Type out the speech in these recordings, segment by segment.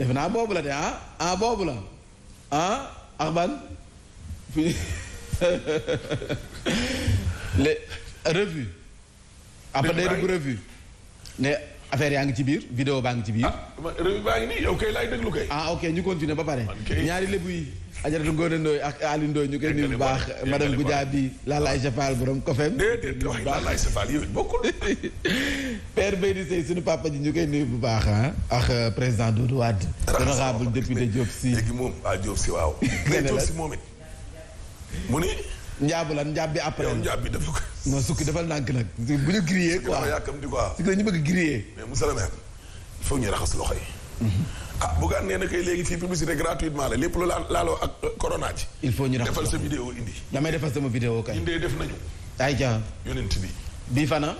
defe naa boobu la de ah ah boobu la ah axban le revue après day dugg revue affaire yaa ngi ci biir vidéo baa ngi ci biir. Ah, réew baa ngi nii yow kay laay déglu kay. ah ok ñu continuer ba pare. ñaari lébu yi. Ajaratu Ngoone Ndoye ak Aliou ñu koy nuyu bu baax madame Goudiaby Lalla Aïcha Fall borom Kofem. déedéet waay Lalla Aïcha Fall yow suñu papa ji ñu koy nuyu bu baax ah. ak euh, président Doudou Wade. honorable député Diop Sy. léegi moom waaw. Ah, léegi Diop Sy njaabu lan njaab bi après. yow njaab bi dafa ko. non sukk defal nànk nag. bu ñu grillé quoi waaw yàkkamti quoi. bëgg grillé. mais monsieur le maire il ñu raxas loxo yi. Mhm. ah bu gaan nee na kay léegi fii publicité gratuitement la lépp lu laaloo ak euh, corona ji. il faut ñu raxas defal sa vidéo indi. damay defal sama vidéo kay. indee def nañu. ay ja yonent bi. bii fana.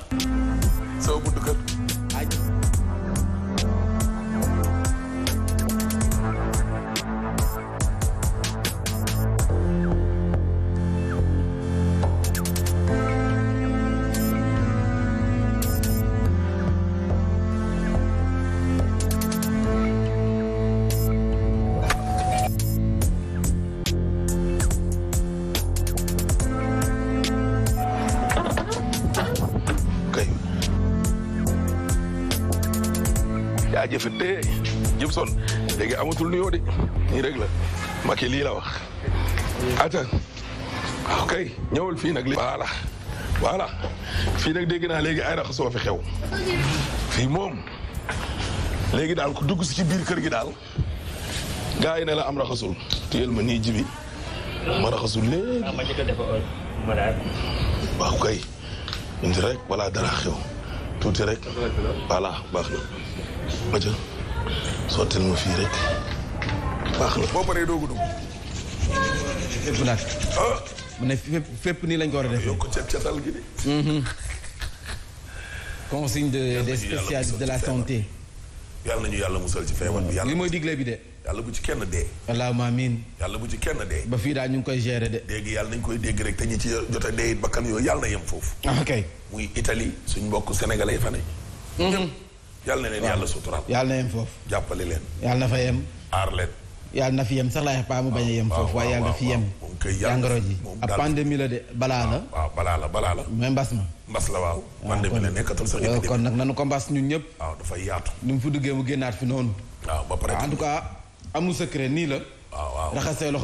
sama bunt kër. jaajëf te Gibson léegi amatul nuyoo de nii rek la Macky lii la wax. ata waaw ah, kay ñëwal fii nag. voilà voilà fii dégg naa léegi ay raxasoo fi xew fii moom léegi daal ku dugg si ci biir kër gi daal gars yi ne am raxasul tuyel ma nii jibi ma raxasul léegi. Ah, waaw kay indi rek wala dara xew. tuuti rek voilà baax na ma ca sottil fii rek baax na boo paree doogu dugg fépp nag ah! mu ne fépp nii lañ ko war a defee yokk ceeb catal gi de mhm. consigne de des spécialistes de la santé yàlla ñu yàlla musal ci feebar bi. yàlla li mooy digle bi de. yàlla bu ci kenn dee. allahumma amiin. yàlla bu ci kenn dee. ba fii daal ñu ngi koy gérer de. dégg yàlla nañu koy dégg rek te ñi ci jot a dee it bakkan yooyu yàlla na yem foofu. Ah, ok muy Italie suñ mbokk sénégalais fa ne. Mhm. yàlla na leen yàlla suturaal. yàlla na yem foofu. jàppale leen. yàlla na fa yem. aar leen. yàlla na fi yem sax laay wax paa mu bañ a yem ah, foofu waaye yàlla na fi yem jàngoro ji ab pandémie la de balaa la ah, balaa la balaa mbas ma mbas la waaw ah, pandémie la nekkatul sax kon nag nanu ko mbas ñun ñëpp waaw dafay yaatu ni mu fu duggee mu génnaat fi noonu waaw ba pare en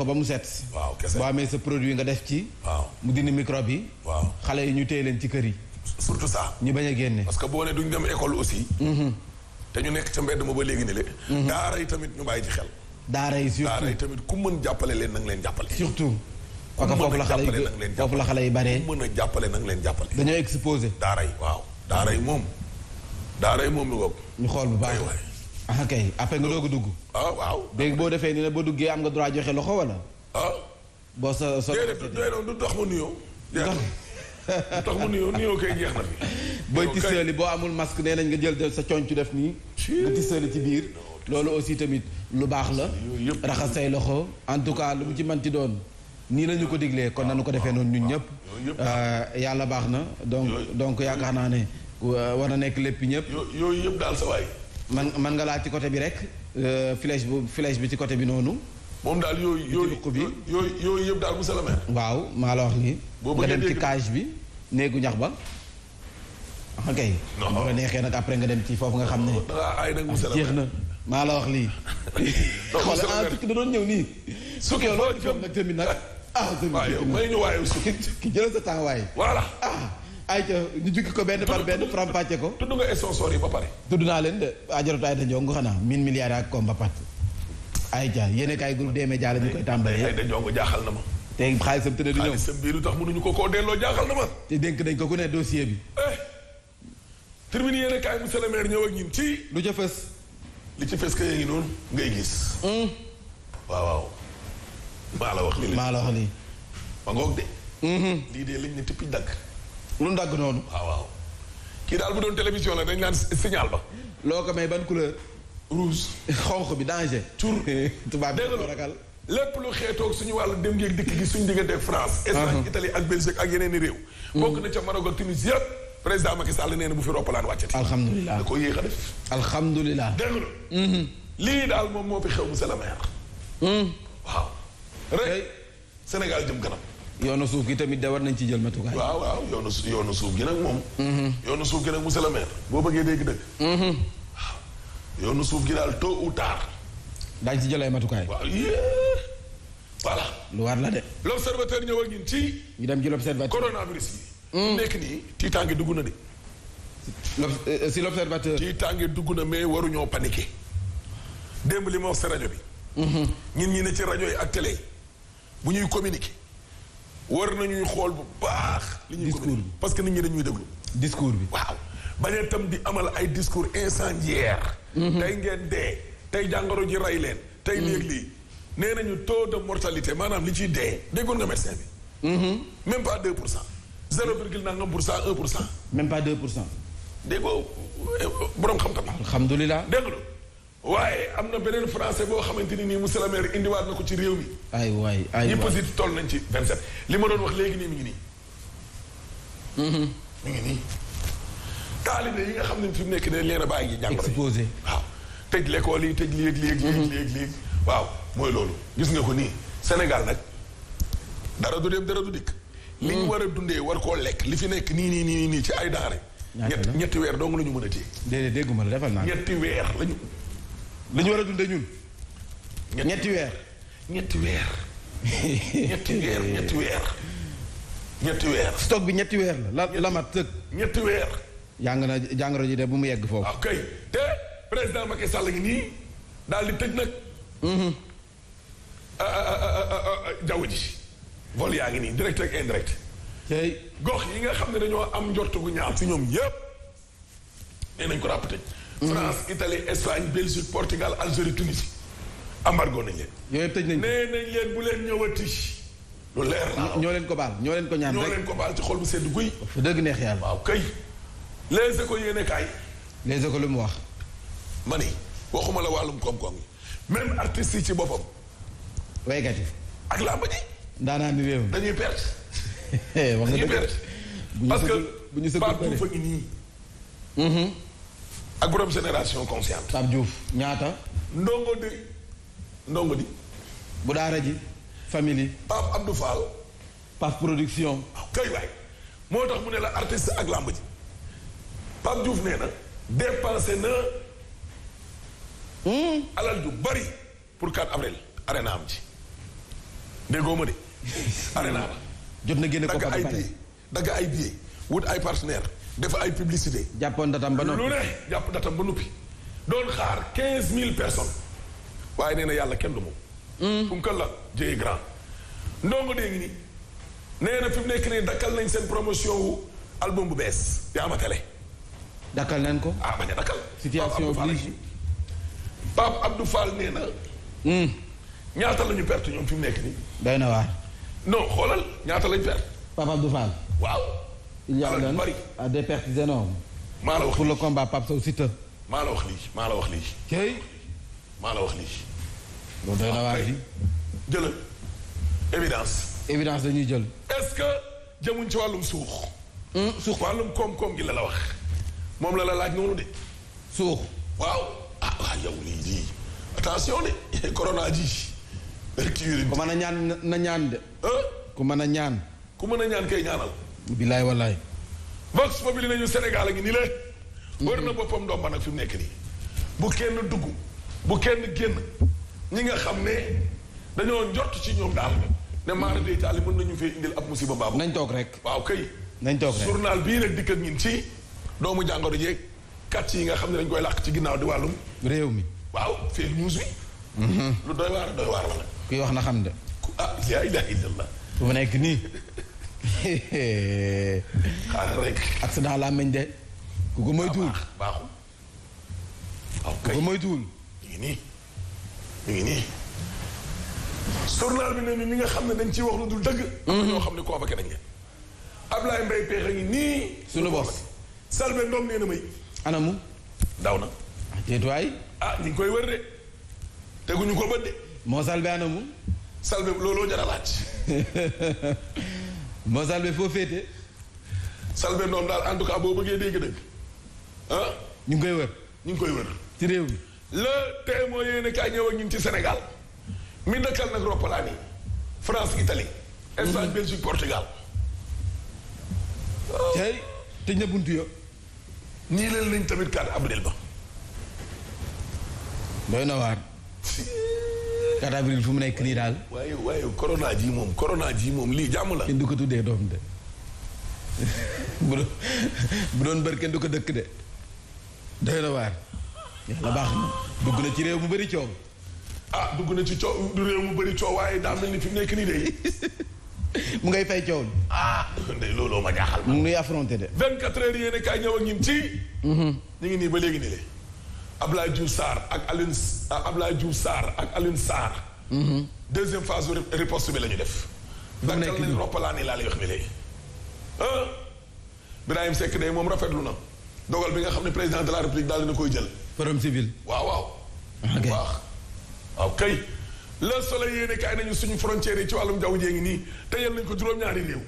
ba mu set waaw kese boo amee sa produit nga def ci waaw mu dindi microbe yi waaw xale yi ñu téye leen ci kër yi surtout ça ñu bañ a génne parce que boo ne dem école aussi mm-hmm. te ñu nekk ca mbedd ma ba léegi ne le mm-hmm. daara yi tamit ñu bàyyi ci xel daara yi surtout daara yi tamit ku mën jàppale leen nang leen jàppale. surtout. ku mën a jàppale nang leen jàppale foofu la xale yi bare. ku mën a jàppale nang leen jàppale. dañoo exposé. daara yi waaw daara yi moom. daara yi moom la bokk. ñu xool bu baax waay. ah kay après nga doog a dugg. Ah, waaw. léegi boo defee nii nag boo duggee am nga droit joxe loxo wala. ah. boo sa sa. déedéet du dox ma nuyoo. dox du dox ma nuyoo nuyoo kay jeex na fi. booy tisseeli boo amul masque nee nañ nga jël sa coñ ci def nii. nga tisseeli ci biir loolu aussi tamit lu baax la raxas say loxo en tout cas lu mu ci manti doon nii la ñu ko diglee kon nañu ko defee noonu ñun ñëpp euh, yàlla baax na donc donc yaakaar naa ne euh, war na nekk lépp ñëpp man man nga ci côté bi rek euh, flèche bu flèche bi ci côté bi noonu moom daal yooyu yooyu yooyu yooyu yëpp waaw maa la wax nii nga dem ci cage bi néegu ñax ba ok bu la neexee nag après nga dem ci foofu nga xam ne jeex na maa la wax lii. xool ah tukki da ñëw nii. su ko loolu di nag tamit ah, ñu waaye ki jëlal sa temps waaye. voilà ah, ko benn par benn faram ko. tudd nga sponsor yi ba pare. tudd naa leen de ajaratu ay dañoo ngu xanaa mille milliards ak combat pat. ayca yéen a kaay groupe des médias la ñu koy tàmbalee. ay dañoo ngu jaaxal na ma. te xaalisam tëdd di ñëw xaalisam bii lu tax ko koo delloo jaaxal na ma. te dénk dañ ko ku ne dossier bi. Eh. terminé yéen a kaay ñëw ak ñun ci. lu ca fës. li ci fes kay noonu ngay gis. Hmm? waaw maa la wax lii maa la wax lii. ma ngoog de. Hmm? lii de lañ ne tëppi dagg. lu dagg noonu. waaw waaw. kii daal bu doon télévision la dañ naan signal ba. loo ko may ban couleur. rouge. xonq bi danger. tur tubaab bi ko ragal. lépp lu xeetoog suñu wàllu dem ngeeg dikk gi suñu diggante France. Uh-huh. Espagne Italie ak Belgique ak yeneen i réew. Hmm. bokk na ca Maroc ak Tunisie yëpp. président Macky Sall nee na bu fi roppalaan wàccati. alhamdulilah da a def. alhamdulilah dégg nga. Mm. lii daal moom moo fi xew monsieur le maire. Mm. waaw. rek Sénégal jëm kanam. yoonu suuf gi tamit da nañ ci jël matukaay. waaw waaw yoonu su yoonu suuf gi nag moom. Mm-hmm. yoonu suuf gi nag monsieur le maire. boo bëggee dégg dëgg. Mm-hmm. waaw suuf gi daal tôt ou tard. daañu ci jël matukaay. waaw yee voilà. lu war la de. l' observateur ñëw ñun ci. ñu dem ci l' coronavirus bi. mu nekk nii tiitaange dugg na de. Euh, euh, si l' observateur. tiitaange dugg na mais waruñoo paniqué. démb li ma wax si rajo bi. Mhm. ñun ñi ne ci rajo yi ak télé yi bu ñuy communiqué war nañuy xool bu baax. li ñuy communiquer parce que nit ñi dañuy déglu. discours bi waaw. bañ tam di amal ay discours incendiaire. Mhm. tey ngeen dee tey jàngoro ji rey leen. tey mhm. léegi lii nee nañu taux de mortalité maanaam li ciy dee. déggoon nga médecin bi. même pas pour cent. zéro virgule nangam pour cent un pour cent. même pas deux pour cent. dégg nga borom xam-xam. alhamdulilah dégg nga waaye am na beneen français boo xamante ni nii monsieur le indiwaat na ko ci réew mi. ay waay ay waay toll nañ ci 27. li ma doon wax léegi nii mi ngi nii. Mhm. mi yi nga xam ne fi mu nekk nii leen a bàyyi jàngoro exposé waaw tëj l'école yi tëj léegi léegi. Mhm. léegi léegi waaw mooy loolu. gis nga ko nii Sénégal nag dara du dem dara du dikk. li ñu war a dundee war koo lekk li fi nekk nii nii nii nii ci ay denrée. ñetti ñetti weer dong la ñu mën a téye. déedéet dégguma la defal naa ñetti weer la ñu. war a dundee ñun. ñetti weer ñetti weer. ñetti weer ñetti weer. stock bi ñetti weer la la la mat tëg. ñetti weer. jàng na jàngoro ji de bu mu yegg foofu. ok ah, te président Macky Sall ngi nii daal di tëj nag. Mm-hmm. Ah, ah, jaww ji. vol yaa ngi nii direct ak indirect. gox yi nga xam ne dañoo am njort gu ñaaw ci ñoom yépp nee nañ ko ràpp tëj. Mm. France Italie Espagne Belgique Portugal Algérie Tunisie embargo nañ leen. yooyu tëj nañ nee leen bu leen ñëwati. lu leer la ñoo leen ko baal ñoo leen ko ñaan rek ñoo leen ko baal ci xol bu sedd guy. dëgg neex yàlla waaw kay. les écoles yéene kaay. les écoles lu mu wax. ma ni waxuma la wàllum koom-koom yi même artistes yi ci boppam. waykat yi. ak ndaanaan bi wéew dañuy perte. Eh, parce que bu ñu Pape Diouf a mhm. ak borom génération consciente. Pape Diouf ñaata. ndongo di ndongo di. bu daara ji famille. Pape Abdou Fall. Pape production. Ah, kay waay moo tax mu ne la artiste ak làmb ji Pape Diouf nee na. na. Hmm. alal ju bari pour 4 avril. arena am ci déggoo ma de. arena ba. jot na génne koppar dagg ay billets dagg ay billets wut ay partenaire def ay publicité. jàppoon datam ba noppi lu ne jàpp datam ba noppi. doon xaar quinze mille personnes. waaye nee na yàlla kenn du moom. kum hmm. kal la jëye grand. ndongo dee ngi nii. nee na nekk nii dakkal nañ seen promotion wu album bu bees. yaa ma tele. dakkal nañ ko. ah bañ a dakkal. situation oblige Pape hmm. ñaata la perte ñoom fi nekk nii. doy na waar. non xoolal ñaata lañ perte. Pape Abdou Fall. waaw. il y a eu des pertes énormes. maa la wax pour le combat Pape Sow Siteu. maa la wax lii maa la wax lii. kay. maa la wax lii. loolu doy na waar évidence. évidence dañuy jël. est que jëmuñ ci wàllum suux. Hmm, suux wàllum koom-koom gi la la wax. moom la la laaj noonu de. suux. waaw ah waaw yow lii lii attention de corona ji. ku mën a ñaan na ñaan de. ku mën a ñaan. ku mën a ñaan kay ñaanal. bilaay walaay. Vox Populi nañu Sénégal a ngi nii la. Mm-hmm. wër na boppam ndomba nag fi nekk nii. bu kenn dugg bu kenn génn ñi nga xam ne dañoo jot ci ñoom daal ne maara de taali mën nañu fee indil ab musiba baabu. nañ toog rek waaw kay. nañ toog rek journal bii nag dikk ak ñun ci doomu jàngoro jeeg kàcc yi nga xam ne dañ koy làq ci ginnaaw di wàllum. réew mi waaw fee news bi. Mm-hmm. lu doy waar doy waar kuy wax na xam de. ah laa ilaaha illallah. fu mu nekk nii. xaaral rek. accident laa meñ de. ku ko moytuwul ah, baaxul ngi nii ñu bi ne ni nga xam ne dañ ciy wax lu dul dëgg. Mhm. am na ñoo xam ne convoqué nañ leen. Ablaye Mbaye Peex a ngi nii. suñu bopp Salbe Ndom nee na may. anamu. daw na. ah ñu koy wër de. teguñu ko bët de. moo salbe anamu salbe looloo jar a foo féete salbe noonu daal en tout cas boo bëggee dégg dëgg ah? ñu ngi koy wër ñu ngi koy wër ci réew mi le témoin yéene kaay ñëw ak ñun ci Sénégal mi dëkkal nag roppalaan yi France Italie mm-hmm. Espagne Belgique Portugal ah. tey tëj na buntu yo ñii leen nañ tamit carte avril ba doy na waar 4 avril fu mu nekk nii daal. waaye waaye corona ji moom corona ji moom lii jàmm la. kenn du ko tuddee doom de bu doon bu doon bër kenn du ko dëkk de doy na waar yàlla baax na na ci réew mu bari coow. ah dugg na ci coow du réew mu bari coow waaye daa mel ni fi mu nekk nii de. mu ngay fay coow. ah ndey looloo ma jaaxal. mu ngi affronté de. 24 heures yéen a kaay ñëw ak ñun ci. Mhm. ñu ngi nii ba léegi nii de. Ablaye Diouf Sarr ak Alioune euh, Ablaye Diouf Sarr ak Alioune Sarr. Mhm. deuxième phase riposte bi la ñu def. mu nekk nii roppalaan yi laa lay wax ni léegi. ah Birahim Seck day moom rafetlu na dogal bi nga xam ne président de la république daal dina koy jël. forum civil. waaw waaw. ok bu baax waaw kay. le suñu frontières yi ci wàllum jaww jee ngi nii teyal nañu ko juróom-ñaari réew.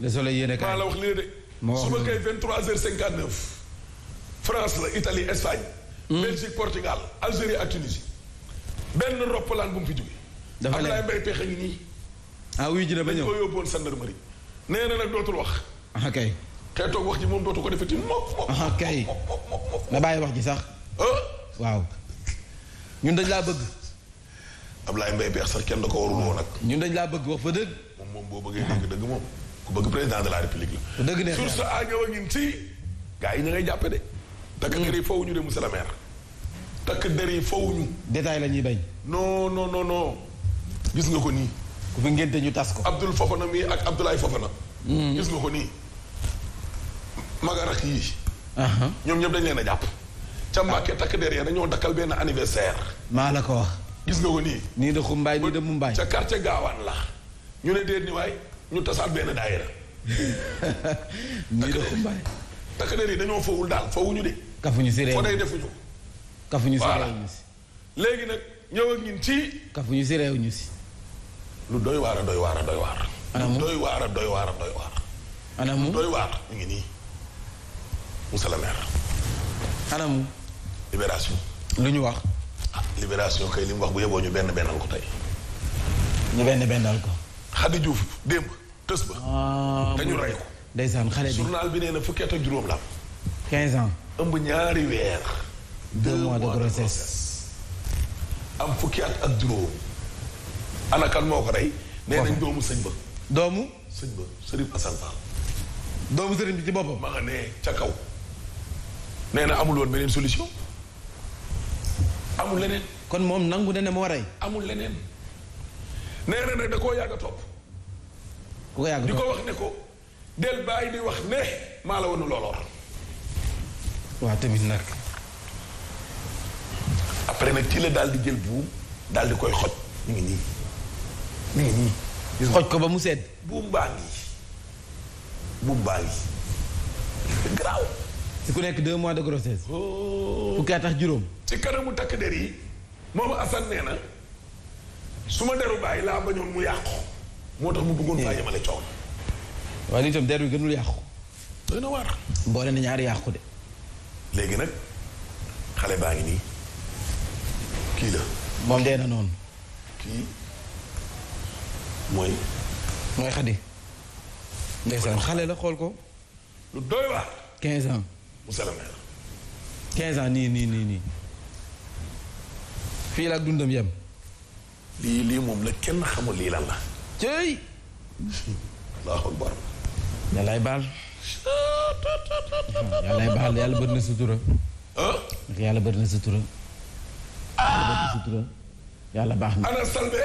le soleil yéene kaay maa la wax lii de. moo wax suba kay 23h59. France la Italie Espagne. Hmm. Belgique Portugal Algérie ak Tunisie benn roppalaan bu mu fi jóge dafa leer Ablaye Mbaye Pexe ngi nii. ah wuyu ji na ba ñëw dañ ko yóbbuwoon gendarmerie. nee nag dootul wax. ah kay. xeetoog wax ji moom dootu ko defati moom moom. ah kay na wax ji sax. waaw. dañ laa bëgg. Ablaye Mbaye Pexe sax kenn da ko warul woon ñun dañ laa bëgg wax fa moom boo bëggee dëgg dëgg moom. ku bëgg président de la république la. dëgg ne source a ñëw a ci. gaa yi ñu ngay jàppe de. takk der yi fawuñu de monsieur le maire. takk der yi fowuñu détail la ñuy noo non non gis nga ko nii. ku fi ngénte ñu tas ko. Abdoul na mii ak Abdoulaye Fofana. Hmm. gis nga ko nii. magarak yii. ñoom ñëpp dañ leen a jàpp. ca Mbàkke takk der yi dañoo dakkal benn anniversaire. maa la ko wax. gis nga ko nii. nii de Xumbaay nii de Mumbaay. ca quartier Gaawaan la. ñu ne déet ni waay ñu tasaat benn daayira. nii de Xumbaay. takk der yi dañoo fawul daal fawuñu de. kafuñu si réew day defuñu kafuñu si ñu si. léegi nag ñëw ak ñun ci. kafuñu si réew ñu si. lu doy waar a doy waar a doy waar. anamu doy waar doy waar a doy waar. anamu doy waar ñu ngi nii. Moussa la maire. anamu. libération. lu ñu wax. ah libération kay li mu wax bu yeboo ñu benn bennal ko tey. ñu benn bennal ko. Xadi Diouf démb tës ba. te ah, ñu rey ko. ndeysaan xale bi journal bi nee juróom la am. 15 ans. ëmb ñaari weer. deux mois de am fukki at ak juróom. ana kan moo ko rey. nee nañ doomu sëñ ba. doomu. sëñ ba Serigne Assane Fall. doomu Serigne bi ci boppam. ma nga ca kaw. nee na amul woon beneen solution. amul leneen. kon moom nangu na ne moo rey. amul leneen. nee na nag da koo yàgg a topp. ku ko yàgg topp ko wax ne ko. del bàyyi di wax ne maa la wanu looloor. waa tamit nag. après nag ci la daal di jël buum daal di koy xoj mi ngi nii mi ngi xoj ko ba mu sedd. buum baa ngi buum baa ngi garaaw. si ku nekk deux mois de grossesse. Oh. fukki at tax juróom. ci kanamu takk der yi moom Assane nee na su ma deru bàyyi laa bañoon mu yàqu moo tax mu bëggoon faa hmm. yemale coow. waa lii tam der bi gënul yàqu. doy na waar. boole na ñaari yàqu de. léegi nag xale baa ngi nii kii la. moom dee na noonu. kii mooy. mooy xadi. ndeysaan xale la xool ko. lu doy waar. 15 ans. Moussa la 15 ans nii nii nii fii la ak dundam yem. lii lii moom la kenn xamul lii lan la. cëy. allahu akbar. yàllaay baal. yàlla lay baaxal yàlla bëri na sutura. ndax yàlla bëri na sutura. Ah! yàlla bëri na sutura yàlla baax na. ana Salbé.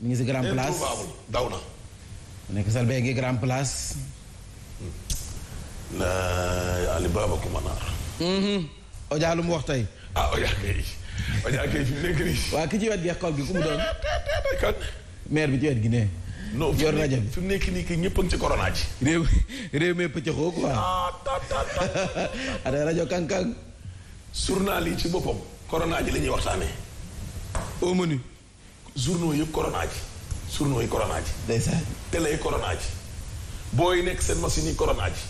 mi ngi si grand eh, place daw na. mu nekk Salbé gi grand place. na hmm. Ali Baba Kumanaar. Mhm. Oja lu mu wax tey. ah Oja kay Oja kay fi mu nekk nii. waa ki ci wet gi école gi ku mu doon. maire bi ci wet gi ne. yor rajo bi fi mu nekk nii que ñëpp a ngi ci corona ji. réew réew mi pëccëxoo quoi. ah ta ta rajo kànkàn. journal yi ci boppam. corona ji la ñuy waxtaanee. yëpp corona ji. journaux yi nekk seen machine yi corona ji.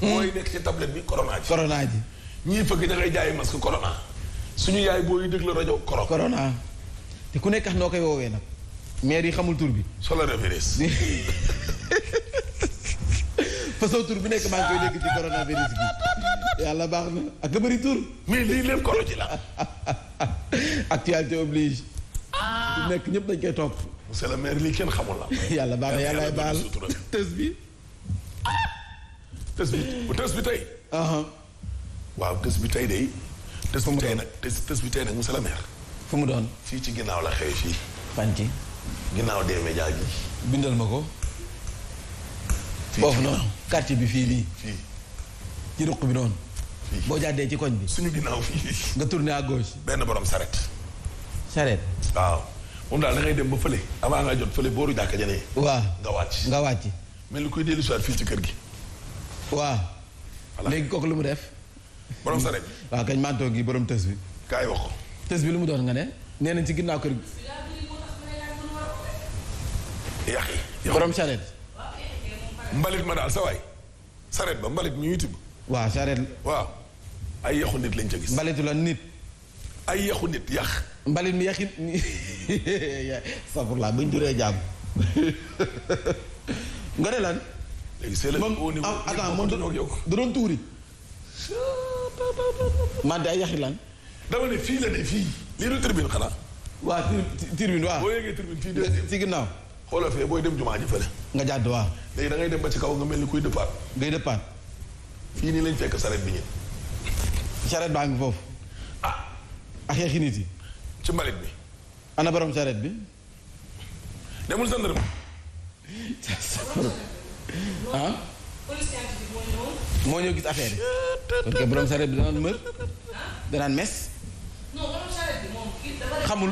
Hmm. nekk ci tablette bi corona ji. corona ji. ñii fëgg da ngay jaayi masque corona. suñu yaay booy déglu rajo corona. te ku nekk noo koy woowee nag. maire yi xamul tur bi. soxla référence. façon tur bi nekk maa ngi koy dégg ci coronavirus bi yàlla baax na ak la bëri tur. mais lii lépp koro ci la. actualité oblige. Ah. nekk ñëpp dañ koy toog mu le maire lii kenn xamul la. yàlla baax na yàlla ay baal tës bi. Ah. tës bi bu tës bi tey. Uh-huh. waaw tës bi tey de. tës bi tey nag tës bi nag monsieur maire. fu mu doon. fii ci ginnaaw la xëy fii. fan ci. ginnaaw des médias bi bindal ma ko. foofu noonu quartier bi fii nii. fii ci ruq bi noonu. boo jàddee ci koñ bi. suñu ginnaaw fii. nga tourné à gauche. benn borom saret. saret waaw. moom daal da dem ba fële. avant nga jot fële booru jàkka jane. waaw nga wàcc. nga wàcc. mel ni kuy dellu si fii ci kër gi. waaw. voilà léegi kooku lu mu def. borom saret. waaw kañ manteau gi borom tës bi. kaay wax tës bi lu mu doon nga ne. nee nañ ci ginnaaw kër gi. yax yi. borom sareet. mbalit ma daal sa waay sareet ba mbalit mi ñuy tibb. sareet. ay yaxu nit lañ ca gis. mbalitu la nit. ay yaxu nit yax. mbalit mi yaxit safurlaa buñ juree jàmm. nga ne lan. léegi c'est le niveau ah, attends moom da doon tuuri. man ay yaxit lan. dama ne fii la ne fii. lii du tribune xanaa. waa tribune waaw. boo yeggee tribune fii de. ci ginnaaw. olof yi booy dem jumaa ji fële. nga jàdd waaw. léegi dangay dem ba ci kaw nga mel ni kuy dëppaat. ngay dëppaat. fii nii lañ fekk sareet bi ñun. sareet baa ngi foofu. ah. ak borom sareet bi. demul sàndarma. ah. moo ñëw gis affaire yi. borom sareet bi danaan mër. danaan mes. xamul.